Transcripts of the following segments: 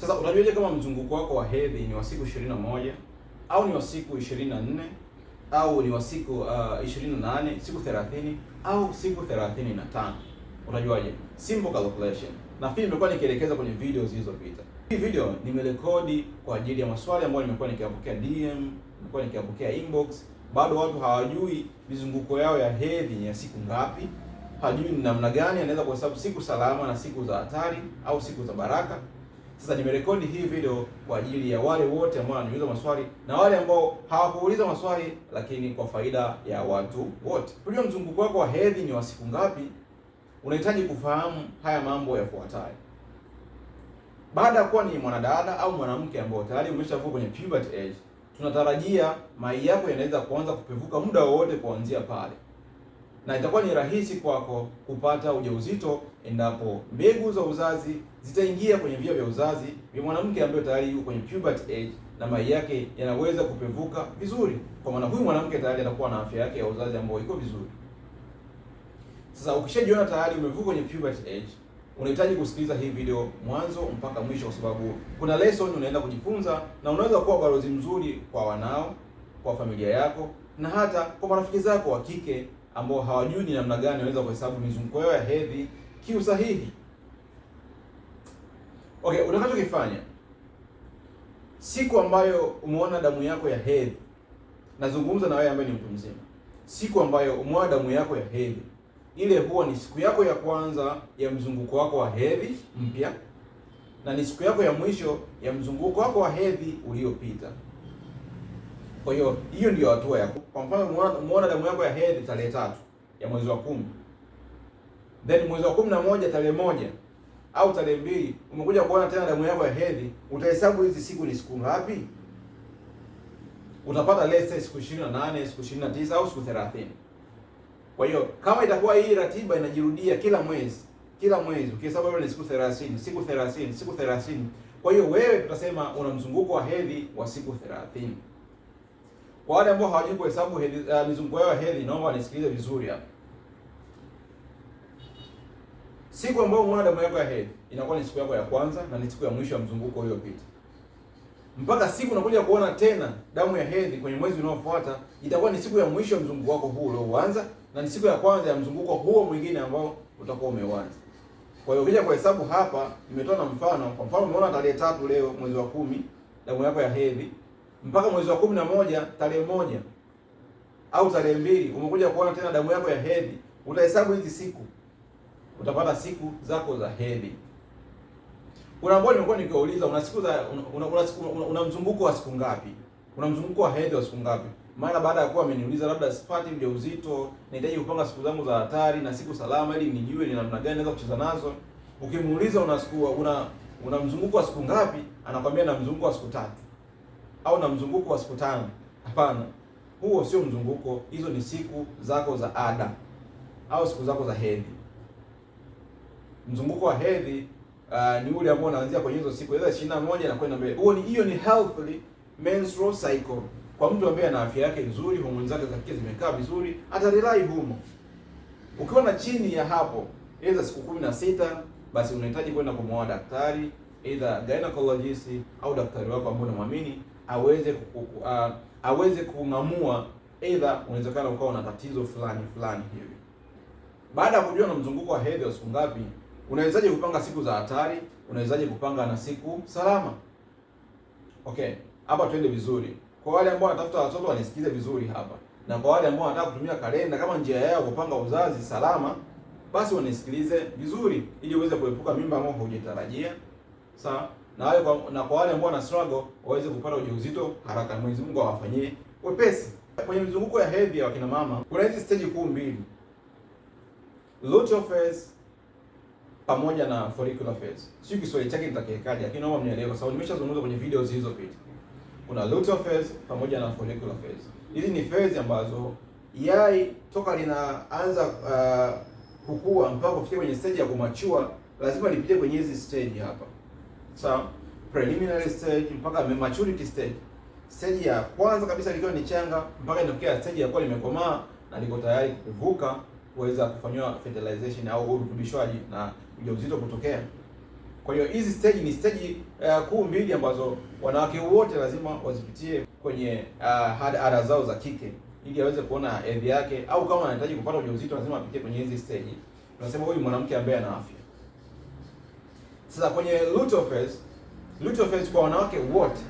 Sasa utajuaje kama mzunguko wako wa hedhi ni wa siku 21 au ni wa siku 24 au ni wa siku uh, 28, siku 30 au siku 35? Unajuaje? Simple calculation. Na pia nimekuwa nikielekeza kwenye video zilizopita. Hii video nimerekodi kwa ajili ya maswali ambayo nimekuwa nikiyapokea DM, nimekuwa nikiyapokea inbox. Bado watu hawajui mizunguko yao ya hedhi ni ya siku ngapi, hajui ni namna gani anaweza kuhesabu siku salama na siku za hatari au siku za baraka. Sasa nimerekodi hii video kwa ajili ya wale wote ambao wananiuliza maswali na wale ambao hawakuuliza maswali, lakini kwa faida ya watu wote. Unajua mzunguko wako wa hedhi ni wa siku ngapi? Unahitaji kufahamu haya mambo yafuatayo. Baada ya kuwa ni mwanadada au mwanamke ambao tayari umeshavuka kwenye puberty age, tunatarajia mayai yako yanaweza kuanza kupevuka muda wowote kuanzia pale na itakuwa ni rahisi kwako kupata ujauzito endapo mbegu za uzazi zitaingia kwenye via vya uzazi vya mwanamke ambaye tayari yuko kwenye puberty age na mayai yake yanaweza kupevuka vizuri. Kwa maana huyu mwanamke tayari atakuwa na afya yake ya uzazi ambayo iko vizuri. Sasa ukishajiona tayari umevuka kwenye puberty age, unahitaji kusikiliza hii video mwanzo mpaka mwisho, kwa sababu kuna lesson unaenda kujifunza na unaweza kuwa balozi mzuri kwa wanao, kwa familia yako na hata kwa marafiki zako wa kike ambao hawajui ni namna gani waweza kuhesabu mizunguko yao ya hedhi kiusahihi. Okay, utakachokifanya siku ambayo umeona damu yako ya hedhi, nazungumza na wewe ambaye ni mtu mzima, siku ambayo umeona damu yako ya hedhi, ile huwa ni siku yako ya kwanza ya mzunguko wako wa hedhi mpya na ni siku yako ya mwisho ya mzunguko wako wa hedhi uliopita. Kwa hiyo hiyo ndio hatua ya kwa mfano, muona damu yako ya hedhi tarehe tatu ya mwezi wa kumi, then mwezi wa kumi na moja tarehe moja au tarehe mbili umekuja kuona tena damu yako ya hedhi, utahesabu hizi siku ni siku ngapi? Utapata lese siku 28, siku 29 au siku 30. Kwa hiyo kama itakuwa hii ratiba inajirudia kila mwezi kila mwezi ukihesabu ni siku 30, siku 30, siku 30. Kwa hiyo wewe tutasema una mzunguko wa hedhi wa siku 30. Kwa wale ambao hawajui kuhesabu uh, mizunguko yao ya hedhi, naomba wanisikilize vizuri hapa. Siku ambayo umeona damu yako ya hedhi inakuwa ni siku yako ya kwanza na ni siku ya mwisho ya mzunguko uliopita. Mpaka siku unakuja kuona tena damu ya hedhi kwenye mwezi unaofuata, itakuwa ni siku ya mwisho ya mzunguko wako huu ulioanza na ni siku ya kwanza ya mzunguko huo mwingine ambao utakuwa umeanza. Kwa hiyo ukija kuhesabu hapa, nimetoa na mfano. Kwa mfano, umeona tarehe tatu leo mwezi wa kumi damu yako ya hedhi mpaka mwezi wa kumi na moja tarehe moja au tarehe mbili umekuja kuona tena damu yako ya hedhi, utahesabu hizi siku, utapata siku zako za hedhi. Kuna ambao nimekuwa nikiwauliza, una siku za una, una, una, una una mzunguko wa siku ngapi? Una mzunguko wa hedhi wa siku ngapi? Mara baada ya kuwa ameniuliza labda sipati ujauzito, nahitaji kupanga siku zangu za hatari na siku salama, ili nijue ni namna gani naweza kucheza nazo. Ukimuuliza una siku una, una mzunguko wa siku ngapi, anakwambia na mzunguko wa siku tatu au na mzunguko wa siku tano. Hapana, huo sio mzunguko, hizo ni siku zako za ada au siku zako za hedhi. Mzunguko wa hedhi uh, ni ule ambao unaanzia kwenye hizo siku ile ishirini na na kwenda mbele. Huo ni hiyo ni healthy menstrual cycle kwa mtu ambaye ana afya yake nzuri, homoni zake za kike zimekaa vizuri, atarelai humo. Ukiwa na chini ya hapo aidha siku kumi na sita, basi unahitaji kwenda kumwona daktari aidha gynecologist au daktari wako ambao unamwamini aweze uh, aweze kung'amua, aidha unawezekana ukawa na tatizo fulani fulani hivi. Baada ya kujua na mzunguko wa hedhi wa siku ngapi, unawezaje kupanga siku za hatari? Unawezaje kupanga na siku salama? Okay, hapa twende vizuri. Kwa wale ambao wanatafuta watoto wanisikize vizuri hapa, na kwa wale ambao wanataka kutumia kalenda kama njia yao kupanga uzazi salama, basi wanisikilize vizuri, ili uweze kuepuka mimba ambayo hujitarajia. Sawa na wale kwa, na kwa wale ambao wana struggle waweze kupata ujauzito haraka, na Mwenyezi Mungu awafanyie wepesi. Kwenye mzunguko ya hedhi ya wakina mama kuna hizi stage kuu mbili, luteal phase pamoja na follicular phase. Sio Kiswahili chake nitakiekaje, lakini naomba mnielewe, kwa sababu nimeshazungumza kwenye video zilizopita. Kuna luteal phase pamoja na follicular phase. Hizi ni phase ambazo yai toka linaanza uh, kukua mpaka kufikia kwenye stage ya kumachua lazima lipite kwenye hizi stage hapa, sawa? So, preliminary stage mpaka maturity stage. Stage ya kwanza kabisa likiwa ni changa mpaka inafikia stage ya kuwa limekomaa na liko tayari kuvuka kuweza kufanywa fertilization au urutubishwaji na ujauzito kutokea. Kwa hiyo hizi stage ni stage uh, kuu mbili ambazo wanawake wote lazima wazipitie kwenye uh, ah, ada zao za kike ili aweze kuona hedhi yake, au kama anahitaji kupata ujauzito lazima apitie kwenye hizi stage. Tunasema huyu mwanamke ambaye ana afya. Sasa kwenye luteal phase Luteal phase kwa wanawake wote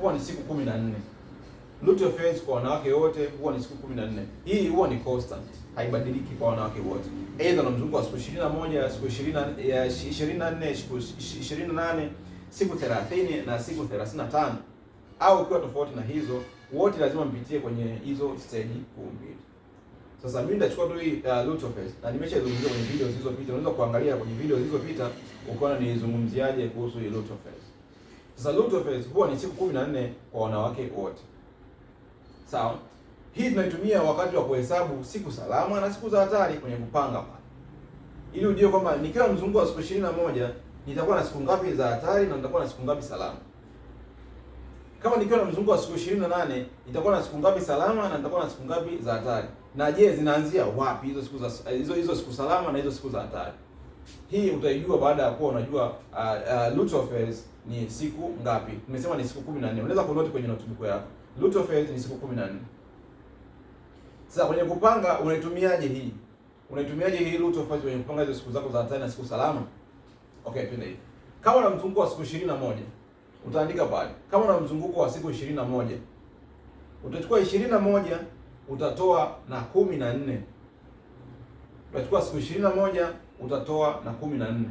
huwa ni siku 14. na nne. Luteal phase kwa wanawake wote huwa ni siku 14. Hii huwa ni constant, haibadiliki kwa wanawake wote, aidha na mzunguko wa siku 21, siku 20 na nne, siku ishirini na siku thelathini na siku thelathini au ukiwa tofauti na hizo, wote lazima mpitie kwenye hizo stage kuu mbili. Sasa mimi nitachukua tu hii uh, luteal phase na nimeshazungumzia kwenye video zilizopita. Unaweza kuangalia kwenye video zilizopita ukaona nizungumziaje kuhusu hii luteal phase. Sasa Luteolez huwa ni siku kumi na nne kwa wanawake wote, sawa. Hii tunaitumia wakati wa kuhesabu siku salama na siku za hatari kwenye kupanga pale, ili ujue kwamba nikiwa mzunguko wa siku ishirini na moja nitakuwa na siku ngapi za hatari na nitakuwa na siku ngapi salama. Kama nikiwa na mzunguko wa siku ishirini na nane nitakuwa na siku ngapi salama na nitakuwa na siku ngapi za hatari, na je, zinaanzia wapi hizo siku za hizo hizo siku salama na hizo siku za hatari? Hii utaijua baada ya kuwa unajua uh, uh, Luteolez ni siku ngapi? Nimesema ni siku 14. Unaweza kunoti kwenye notebook yako. Root of L ni siku 14. Sasa kwenye kupanga unaitumiaje hii? Unaitumiaje hii root of L kwenye kupanga hizo siku zako za hatari na siku salama? Okay, twende hivi. Kama una mzunguko wa siku 21, utaandika pale. Kama una mzunguko wa siku 21, utachukua 21 utatoa na 14. Utachukua siku 21 utatoa na 14.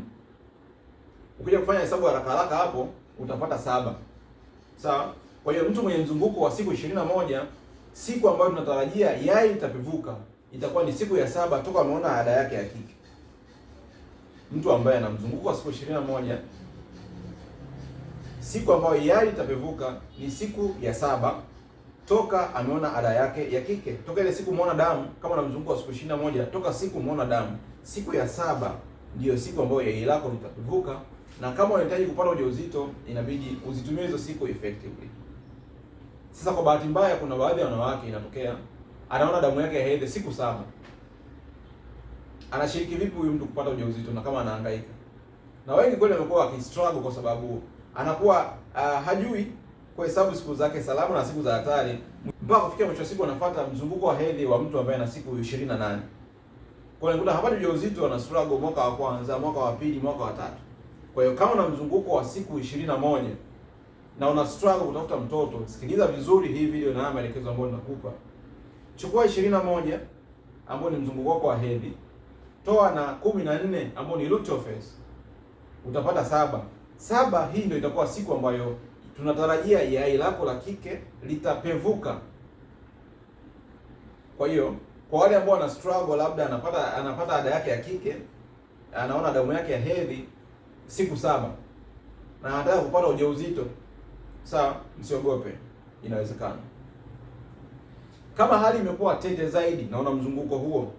Ukija kufanya hesabu haraka haraka hapo utapata saba. Sawa? Kwa hiyo mtu mwenye mzunguko wa siku 21, siku ambayo tunatarajia yai itapevuka itakuwa ni siku ya saba toka ameona ada yake ya kike. Mtu ambaye ana mzunguko wa siku 21, siku ambayo yai itapevuka ni siku ya saba toka ameona ada yake ya kike, toka ile siku muona damu. Kama na mzunguko wa siku 21, toka siku muona damu, siku ya saba ndiyo siku ambayo yai lako litapevuka na kama unahitaji kupata ujauzito inabidi uzitumie hizo siku effectively. Sasa kwa bahati mbaya, kuna baadhi ya wanawake inatokea anaona damu yake ya hedhi siku saba. Anashiriki vipi huyu mtu kupata ujauzito na kama anahangaika? Na wengi kweli wamekuwa wakistruggle kwa sababu anakuwa uh, hajui kuhesabu siku zake salama na siku za hatari mpaka kufikia mwisho wa siku anafuata mzunguko wa hedhi wa mtu ambaye ana siku 28. Kwa hiyo unakuta hapati ujauzito, ana struggle mwaka wa kwanza, mwaka wa pili, mwaka wa tatu. Kwa hiyo kama una mzunguko wa siku 21 na moja na una struggle kutafuta mtoto, sikiliza vizuri hii video na maelekezo ambayo ninakupa. Chukua 21 na ambao ni mzunguko wako wa hedhi, toa na 14 na nne ambao ni luteal phase, utapata saba. Saba hii ndio itakuwa siku ambayo tunatarajia yai lako la kike litapevuka. Kwa hiyo kwa wale ambao wana struggle, labda anapata anapata ada yake ya kike, anaona damu yake ya hedhi siku saba na anataka kupata ujauzito, sawa, msiogope, inawezekana. Kama hali imekuwa tete zaidi na una mzunguko huo,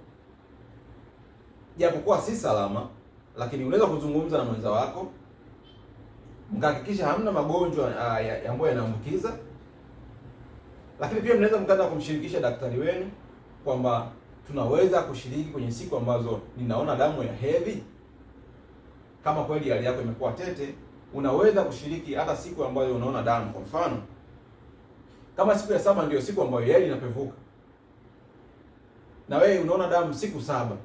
japokuwa si salama, lakini unaweza kuzungumza na mwenza wako mkahakikisha hamna magonjwa ah, ambayo yanaambukiza, lakini pia mnaweza mkaanza kumshirikisha daktari wenu kwamba tunaweza kushiriki kwenye siku ambazo ninaona damu ya hedhi kama kweli hali yako imekuwa tete, unaweza kushiriki hata siku ambayo unaona damu. Kwa mfano, kama siku ya saba ndiyo siku ambayo yai linapevuka na wewe unaona damu siku saba,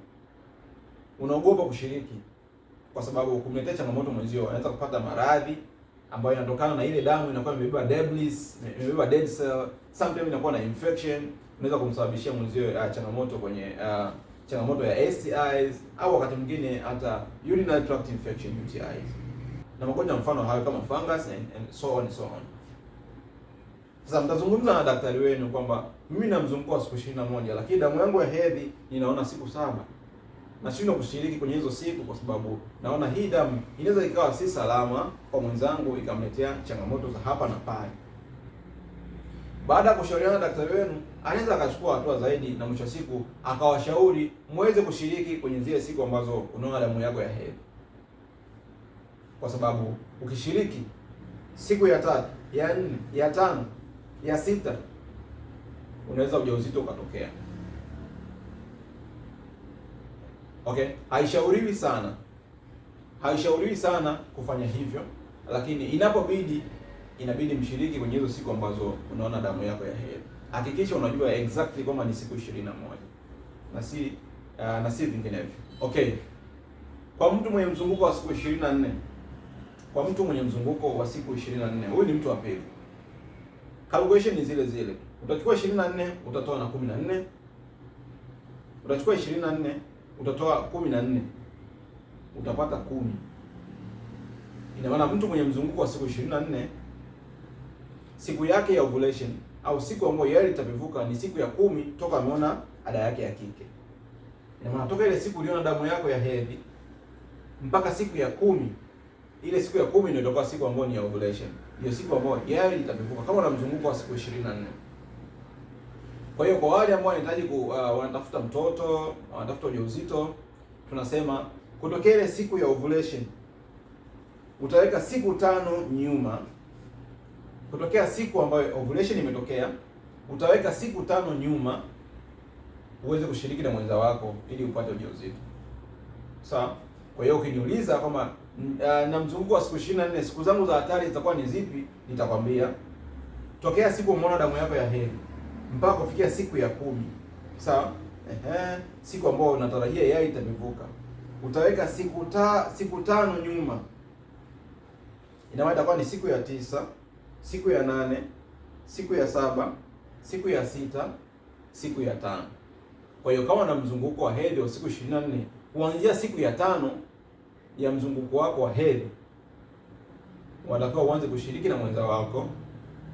unaogopa kushiriki kwa sababu kumletea changamoto mwenzio, anaweza kupata maradhi ambayo inatokana na ile damu inakuwa imebeba debris, imebeba dead cell, sometimes inakuwa na infection, unaweza kumsababishia mwenzio uh, changamoto kwenye uh, changamoto ya STIs au wakati mwingine hata urinary tract infection UTIs, na magonjwa mfano hayo kama fungus and, and so on so on. Sasa mtazungumza na daktari wenu kwamba mimi namzungua siku ishirini na moja lakini damu yangu ya hedhi ninaona siku saba nashindwa kushiriki kwenye hizo siku kwa sababu naona hii damu inaweza ikawa si salama kwa mwenzangu, ikamletea changamoto za hapa na pale. Baada ya kushauriana na daktari wenu, anaweza akachukua hatua zaidi na mwisho wa siku akawashauri mweze kushiriki kwenye zile siku ambazo unaona damu yako ya hedhi, kwa sababu ukishiriki siku ya tatu, ya nne, ya tano, ya sita, unaweza ujauzito ukatokea. Okay, haishauriwi sana, haishauriwi sana kufanya hivyo, lakini inapobidi inabidi mshiriki kwenye hizo siku ambazo unaona damu yako ya hedhi. Hakikisha unajua exactly kwamba ni siku 21 na si uh, na si vinginevyo. Okay, kwa mtu mwenye mzunguko wa siku 24, kwa mtu mwenye mzunguko wa siku 24, huyu ni mtu wa pili. Calculation ni zile zile, utachukua 24 utatoa na 14, utachukua 24 utatoa 14, utapata 10. Ina maana mtu mwenye mzunguko wa siku ishirini siku yake ya ovulation au siku ambayo yai litapevuka ni siku ya kumi toka ameona ada yake ya kike. Ina maana toka ile siku uliona damu yako ya hedhi mpaka siku ya kumi, ile siku ya kumi ndio itakuwa siku ambayo ni ya ovulation, hiyo siku ambayo yai litapevuka, kama na mzunguko wa siku 24. Kwa hiyo kwa wale ambao wanahitaji ku uh, wanatafuta mtoto, wanatafuta ujauzito, tunasema kutokea ile siku ya ovulation utaweka siku tano nyuma kutokea siku ambayo ovulation imetokea, utaweka siku tano nyuma uweze kushiriki na mwenza wako ili upate ujauzito. Sawa? Kwa hiyo ukiniuliza kwamba ah, na mzunguko wa siku 24 siku zangu za hatari zitakuwa ni zipi, nitakwambia tokea siku umeona damu yako ya hedhi mpaka kufikia siku ya kumi. Sawa? Ehe, siku ambayo unatarajia yai itamevuka. Utaweka siku ta, siku tano nyuma. Ina maana itakuwa ni siku ya tisa siku ya nane, siku ya saba, siku ya sita, siku ya tano. Kwa hiyo kama na mzunguko wa hedhi wa siku 24 kuanzia siku ya tano ya mzunguko wako wa hedhi unatakiwa uanze kushiriki na mwenza wako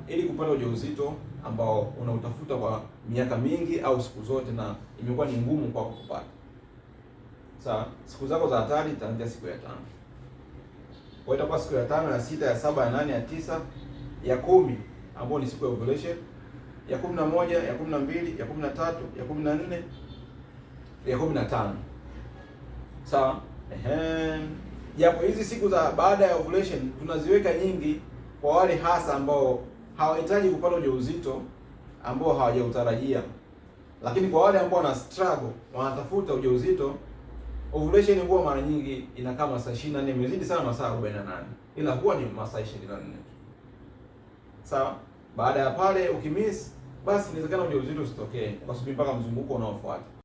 ili kupata ujauzito ambao unautafuta kwa miaka mingi au siku zote, na imekuwa ni ngumu kwako kupata. Sawa, siku zako za hatari itaanzia siku ya tano. Kwa hiyo itakuwa siku ya tano, ya sita, ya saba, ya nane, ya tisa ya kumi ambayo ni siku ya ovulation, ya kumi na moja, ya kumi na mbili, ya kumi na tatu, ya kumi na nne, ya kumi na tano. Sawa? Ehe. Japo hizi siku za baada ya ovulation tunaziweka nyingi kwa wale hasa ambao hawahitaji kupata ujauzito ambao hawajautarajia, lakini kwa wale ambao wana struggle wanatafuta ujauzito, ovulation huwa mara nyingi inakaa masaa 24, imezidi sana masaa 48, ila huwa ni masaa 24 sawa. Baada ya pale ukimiss, basi inawezekana ujauzito usitokee, kwa sababu mpaka mzunguko unaofuata